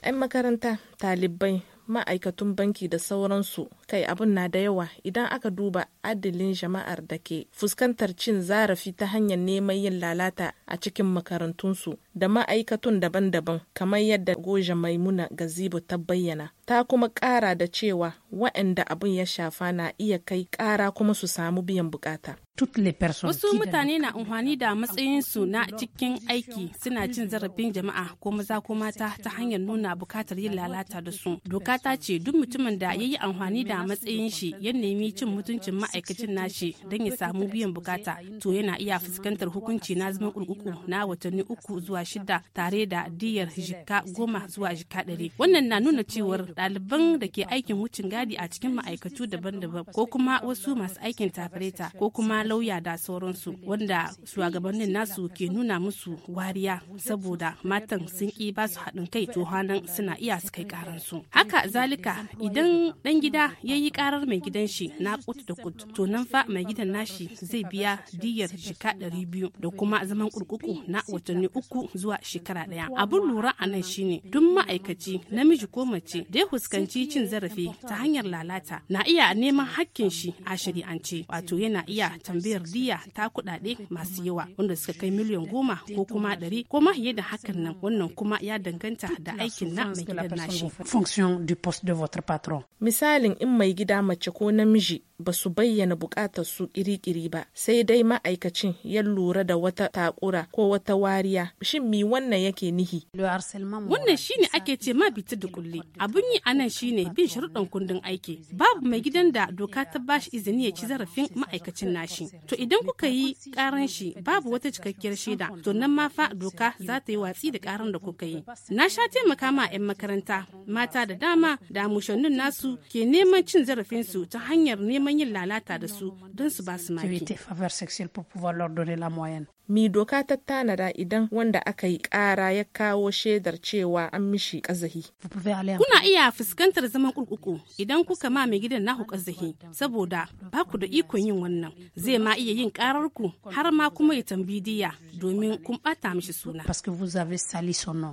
'yan makaranta talibai ma'aikatun banki da sauransu kai abun na da yawa idan aka duba adilin jama'ar da ke fuskantar cin zarafi ta hanyar neman yin lalata a cikin makarantunsu da ma'aikatun daban-daban kamar yadda goja maimuna gazibo ta bayyana ta kuma ƙara da cewa waɗanda abin ya shafa na iya kai ƙara kuma su samu biyan bukata. Wasu mutane na amfani da matsayinsu na cikin aiki suna cin zarafin jama'a ko maza ko mata ta hanyar nuna bukatar yin lalata da su. Doka ta ce duk mutumin da ya yi amfani da matsayin shi ya nemi cin mutuncin ma'aikacin nashi don ya samu biyan bukata to yana iya fuskantar hukunci na zaman kurkuku na watanni uku zuwa shida tare da diyar jika goma zuwa jika ɗari. Wannan na nuna cewar ɗaliban da ke aikin wucin gadi a cikin ma'aikatu daban-daban ko kuma wasu masu aikin tafareta ko kuma lauya da sauransu wanda shugabannin nasu ke nuna musu wariya saboda matan sun ki ba su haɗin kai to hanan suna iya su kai karansu haka zalika idan ɗan gida ya yi karar mai gidan shi na kut da kut to nan fa mai gidan nashi zai biya diyar shika ɗari biyu da kuma zaman kurkuku na watanni uku zuwa shekara ɗaya abun lura a nan shine duk ma'aikaci namiji ko mace da fuskanci cin zarafi ta hanyar lalata na iya neman hakkin shi a shari'ance wato yana iya tambayar diya ta kudade masu yawa wanda suka kai miliyan goma ko kuma ɗari ko ma da hakan nan wannan kuma ya danganta da aikin na mai gidan nashi. Misalin in mai gida mace ko namiji ba su bayyana bukatar su kiri-kiri ba sai dai ma'aikacin ya lura da wata takura ko wata wariya shin mi wannan yake nihi wannan shine ake ce ma bita da kulle abun yi a nan shine bin sharuɗan kundin aiki. Babu mai gidan da doka ta bashi izini ya ci zarafin ma'aikacin nashi. To idan kuka yi karan shi babu wata cikakkiyar shaida to nan ma fa doka za ta yi watsi da karan da kuka yi. Na sha taimaka ma 'yan makaranta mata da dama da mushannin nasu ke neman cin zarafin su ta hanyar neman yin lalata da su don su ba su Mi doka ta tanada idan wanda aka yi kara ya kawo shaidar cewa an mishi kazahi. Kuna iya iya fuskantar zaman kurkuku idan kuka ma mai gidan naku kazahi saboda ba ku da ikon yin wannan zai ma iya yin karar ku har ma kuma ya tambidiya domin kun bata mishi suna.